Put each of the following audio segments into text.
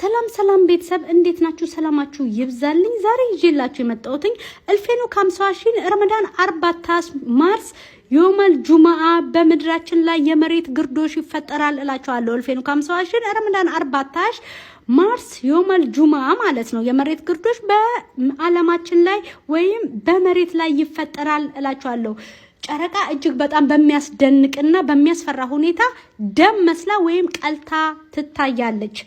ሰላም ሰላም ቤተሰብ እንዴት ናችሁ? ሰላማችሁ ይብዛልኝ። ዛሬ ይዤላችሁ የመጣሁትኝ እልፌኑ ከሀምሳ ረመዳን አርባታስ ማርስ ዮመል ጁማአ በምድራችን ላይ የመሬት ግርዶሽ ይፈጠራል እላቸዋለሁ። እልፌኑ ከሀምሳ ረመዳን አርባታሽ ማርስ ዮመል ጁማ ማለት ነው። የመሬት ግርዶሽ በዓለማችን ላይ ወይም በመሬት ላይ ይፈጠራል እላቸዋለሁ። ጨረቃ እጅግ በጣም በሚያስደንቅና በሚያስፈራ ሁኔታ ደም መስላ ወይም ቀልታ ትታያለች።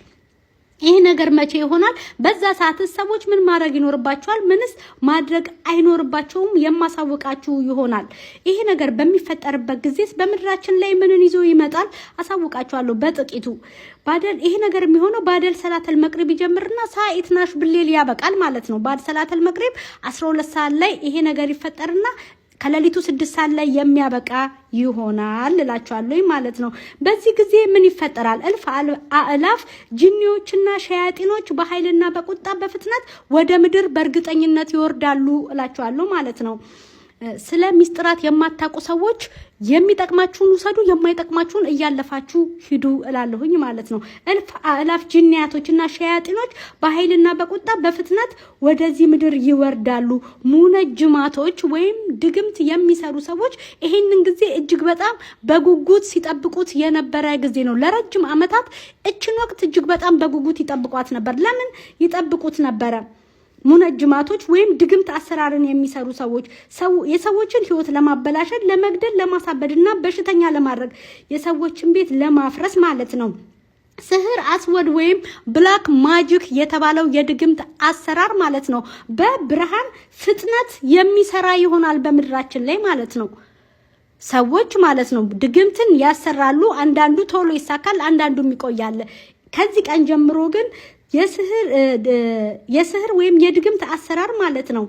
ይህ ነገር መቼ ይሆናል? በዛ ሰዓት ሰዎች ምን ማድረግ ይኖርባቸዋል? ምንስ ማድረግ አይኖርባቸውም? የማሳውቃችሁ ይሆናል። ይህ ነገር በሚፈጠርበት ጊዜስ በምድራችን ላይ ምንን ይዞ ይመጣል? አሳውቃችኋለሁ በጥቂቱ። ባደል ይሄ ነገር የሚሆነው ባደል ሰላተል መቅሪብ ይጀምርና ሳኢት ናሽ ብሌል ያበቃል ማለት ነው። ባድ ሰላተል መቅሪብ 12 ሰዓት ላይ ይሄ ነገር ይፈጠርና ከሌሊቱ ስድስት ሰዓት ላይ የሚያበቃ ይሆናል እላችኋለሁ ማለት ነው። በዚህ ጊዜ ምን ይፈጠራል? እልፍ አእላፍ ጅኒዎችና ሸያጢኖች በኃይልና በቁጣ በፍጥነት ወደ ምድር በእርግጠኝነት ይወርዳሉ እላችኋለሁ ማለት ነው። ስለ ሚስጥራት የማታውቁ ሰዎች የሚጠቅማችሁን ውሰዱ፣ የማይጠቅማችሁን እያለፋችሁ ሂዱ እላለሁኝ ማለት ነው። እላፍ ጅንያቶች ጂኒያቶችና ሸያጢኖች በኃይልና በቁጣ በፍጥነት ወደዚህ ምድር ይወርዳሉ። ሙነጅማቶች ወይም ድግምት የሚሰሩ ሰዎች ይህንን ጊዜ እጅግ በጣም በጉጉት ሲጠብቁት የነበረ ጊዜ ነው። ለረጅም ዓመታት እችን ወቅት እጅግ በጣም በጉጉት ይጠብቋት ነበር። ለምን ይጠብቁት ነበረ? ሙነጅማቶች ወይም ድግምት አሰራርን የሚሰሩ ሰዎች የሰዎችን ህይወት ለማበላሸት፣ ለመግደል፣ ለማሳበድ እና በሽተኛ ለማድረግ የሰዎችን ቤት ለማፍረስ ማለት ነው። ስህር አስወድ ወይም ብላክ ማጂክ የተባለው የድግምት አሰራር ማለት ነው። በብርሃን ፍጥነት የሚሰራ ይሆናል በምድራችን ላይ ማለት ነው። ሰዎች ማለት ነው ድግምትን ያሰራሉ። አንዳንዱ ቶሎ ይሳካል፣ አንዳንዱም ይቆያል። ከዚህ ቀን ጀምሮ ግን የስህር ወይም የድግምት አሰራር ማለት ነው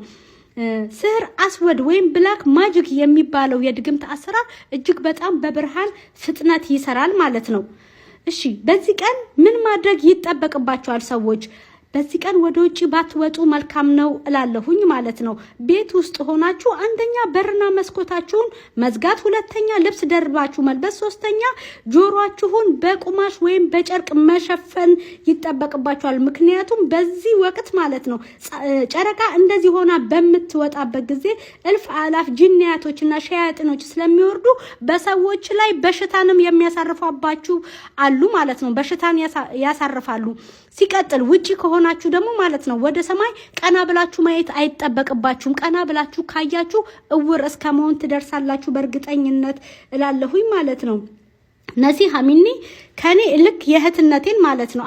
ስህር አስወድ ወይም ብላክ ማጅክ የሚባለው የድግምት አሰራር እጅግ በጣም በብርሃን ፍጥነት ይሰራል ማለት ነው። እሺ በዚህ ቀን ምን ማድረግ ይጠበቅባቸዋል ሰዎች? በዚህ ቀን ወደ ውጭ ባትወጡ መልካም ነው እላለሁኝ ማለት ነው። ቤት ውስጥ ሆናችሁ አንደኛ በርና መስኮታችሁን መዝጋት፣ ሁለተኛ ልብስ ደርባችሁ መልበስ፣ ሶስተኛ ጆሮአችሁን በቁማሽ ወይም በጨርቅ መሸፈን ይጠበቅባችኋል። ምክንያቱም በዚህ ወቅት ማለት ነው ጨረቃ እንደዚህ ሆና በምትወጣበት ጊዜ እልፍ አላፍ ጅንያቶችና ሸያጥኖች ስለሚወርዱ በሰዎች ላይ በሽታንም የሚያሳርፏባችሁ አሉ ማለት ነው። በሽታን ያሳርፋሉ። ሲቀጥል ውጭ ከሆነ ከሆናችሁ ደግሞ ማለት ነው ወደ ሰማይ ቀና ብላችሁ ማየት አይጠበቅባችሁም። ቀና ብላችሁ ካያችሁ እውር እስከ መሆን ትደርሳላችሁ በእርግጠኝነት እላለሁኝ ማለት ነው። ነሲሃ ሚኒ ከኔ ልክ የእህትነቴን ማለት ነው